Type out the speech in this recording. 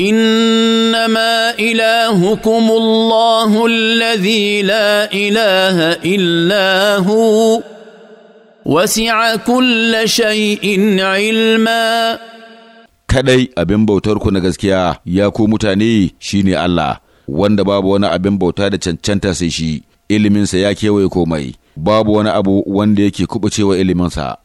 انما الهكم الله الذي لا اله الا هو وسع كل شيء علما kadai abin bautarku na gaskiya ya ku mutane shine Allah wanda babu wani abin bauta da cancanta sai shi iliminsa ya kewaye komai babu wani abu wanda yake kubucewa iliminsa